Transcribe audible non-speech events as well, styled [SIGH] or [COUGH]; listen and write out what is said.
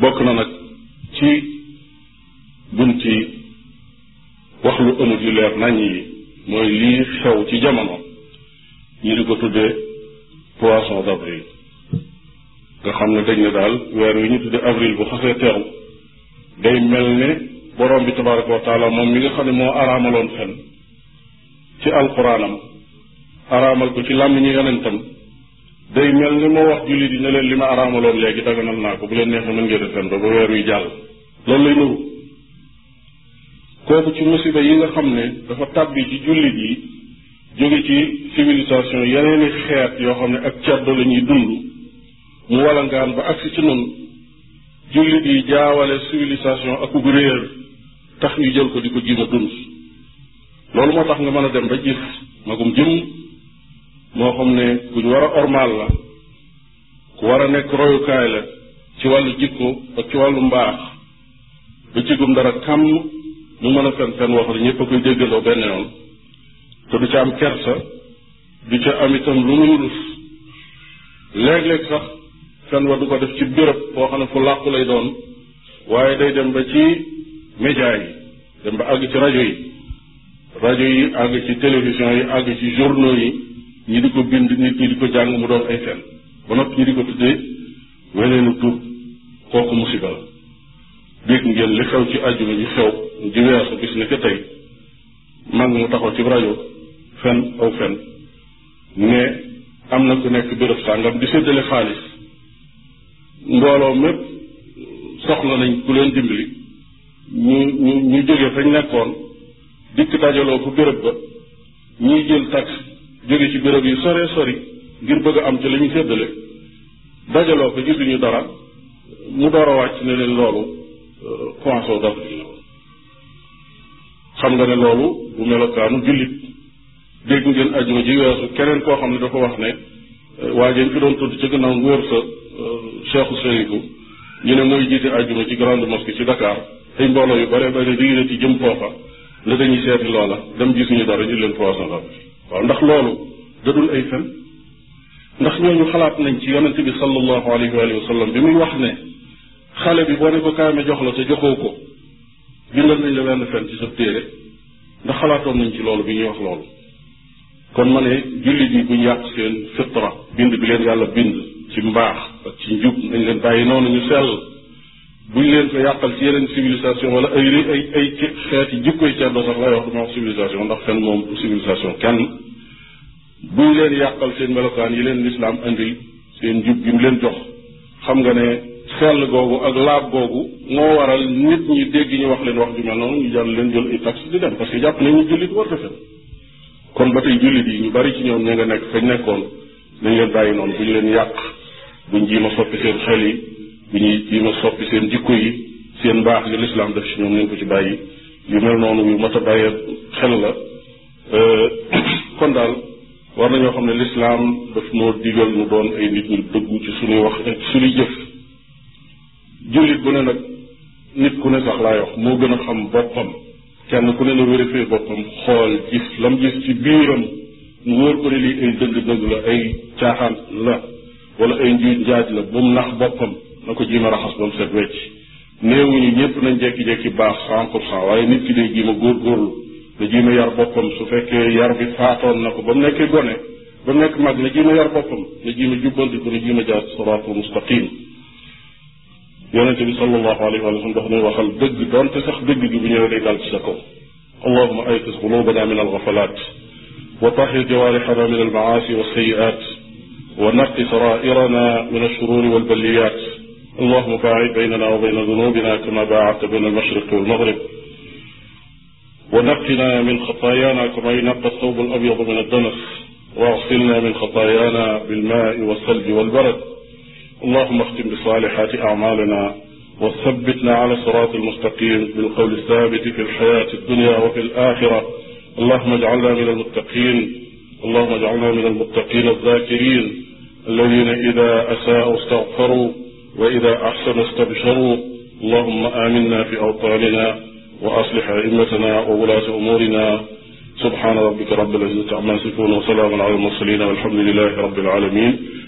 bokk na nag ci bunti wax lu amul yu leer nañ yi mooy lii xew ci jamono ñi di ko tuddee poisson d'avril nga xam ne dañ ne daal weer wi ñu tuddee avril bu xasee teew day mel ne borom bi tabaraka wa taala moom mi nga xam ne moo araamaloon fen ci alquranam araamal ko ci làmmiñu yonentam day mel ni moo wax jullit yi ne leen li ma araamaloon léegi daganal naa ko bu leen neexee mën ngeen a fen ba ba weer wi jàll loolu lay nuru kooku ci musiba yi nga xam ne dafa tàbbi ci jullit yi jóge ci civilisation yeneeni xeet yoo xam ne ak ceddo la ñuy dund mu walangaan ba agsi ci nun jullit yi jaawale civilisation ak ugu réer tax ñu jël ko di ko jima dund loolu moo tax nga mën a dem ba gis magum jëm moo xam ne ku ñu war a ormaal la ku war a nekk royukaay la ci wàllu jikko ak ci wàllu mbaax du jigum dara kàmm mu mën a fen fen wax ne ñëpp a koy déggandoo benn yoon te du ca am kersa du ca am itam lu mu yulus léeg-léeg sax fen wa du ko def ci bërëb boo xam ne fu làqu lay doon waaye day dem ba ci média yi dem ba àgg ci rajo yi rajo yi àgg ci télévision yi àgg ci journaux yi ñi di ko bind nit ñi di ko jàng mu doon ay fen ba noppi ñi di ko tuddee weneenu tuub kooku musiba la dégg ngeen li xew ci àjjuma ji xew di weesu bis ne que tey mag mu taxaw ci rajo fen aw fen ne am na ku nekk bërëb sàngam di séddale xaalis mbooloo mépp soxla nañ ku leen dimbali ñu ñu ñu jógee fañ nekkoon dikk dajaloo fu béréb ba ñuy jël taxe jóge ci béréb yi sore sori ngir bëgg am ci la ñu séddale dajaloo ko gisuñu dara mu door a wàcc ne leen loolu poinçon euh, nga ne loolu bu melokaanu jullit dégg ngeen ajuma ji weesu keneen koo xam ne dafa wax ne euh, waa jeen ki doon tudd ci gannaaw ngóor sa euh, cheikhu sëriku ñu ne mooy jiite ajuma ci grande mosquée ci Dakar ay mbooloo yu bare bare di ne ci jëm foofa la dañuy seeti dem gisuñu dara ñu leen poisson waaw ndax loolu dadul ay fen ndax ñooñu xalaat nañ ci yonente bi sallallahu alayhi wa sallam bi muy wax ne xale bi boo ne ko kaame jox la te joxoo ko bindal nañ la benn fen ci sa téere ndax xalaatoon nañ ci loolu bi ñuy wax loolu kon ma ne jullit yi buñ yàq seen fitra bind bi leen yàlla bind ci mbaax ak ci njub nañ leen bàyyi noonu ñu sell buñ leen ko yàqal ci yeneen civilisation wala ay ay ay xeeti jikkoy ceddo sax lay wax duma wax civilisation ndax fen moom civilisation kenn buñ leen yàqal seen melokaan yi leen lislaam indi seen jub gi mu leen jox xam nga ne sell googu ak laab googu moo waral nit ñi dégg ñu wax leen wax ju mel noonu ñu jàll leen jël ay dem parce que jàpp nañu jullit war defen kon ba tey jullit ñu bari ci ñoom ña nga nekk fañ nekkoon dañ leen bàyyi noonu bu leen yàq buñ jii ma soppi seen xel yi bu ñuy jii ma soppi seen jikko yi seen baax li lislaam def ci ñoom nañ ko ci bàyyi yu mel noonu yu mat a bàyyee xel la euh, [COUGHS] kon daal war nañoo xam ne lislaam daf noo digal nu doon ay nit ñu dëggu ci suñuy wax ak jëf jullit bu ne nag nit ku ne sax laay wax moo gën a xam boppam kenn ku ne na vérifié boppam xool gis lam gis ci biiram mu wóor ko ne lii ay dëgg-dëgg la ay caaxaan la wala ay njuuj njaaj la ba mu nax boppam na ko jiima raxas ba mu set wecc néewuñu ñëpp nañ jekki-jekki baax cent pour cent waaye nit ki day jiima góorgóorlu na jiima yar boppam su fekkee yar bi faatoon na ko ba mu nekkee gone ba mu nekk mag na jiima yar boppam na jiima jubbandiku na jiima jaar siraatul mustaqim yonente bi sallallahu alayhi wa sallam dafa ne waxal dëgg doonte sax dëgg gi bu ñëwee day dal ci sa kaw allahuma ayqis qulubana min algafalat wa tahir jawarixana min almaasi walsayiat wa naqi sarairana min alshururi walbaliyat allahuma baacid baynana wa bayna dunubina kama baacadta bayna almashriqi walmaghrib wa naqina min xataayaana kama yunaqqa thawbu al-abyadu min ad-danas واغسلنا من خطايانا بالماء والثلج والبرد اللهم اختم بصالحات أعمالنا وثبتنا على صراط المستقيم بالقول الثابت في الحياة الدنيا وفي الآخرة اللهم اجعلنا من المتقين اللهم اجعلنا من المتقين الذاكرين الذين إذا أساءوا استغفروا وإذا أحسنوا استبشروا اللهم آمنا في أوطاننا وأصلح أئمتنا وولاة أمورنا سبحان ربك رب العزة عما يصفون وسلام على المرسلين والحمد لله رب العالمين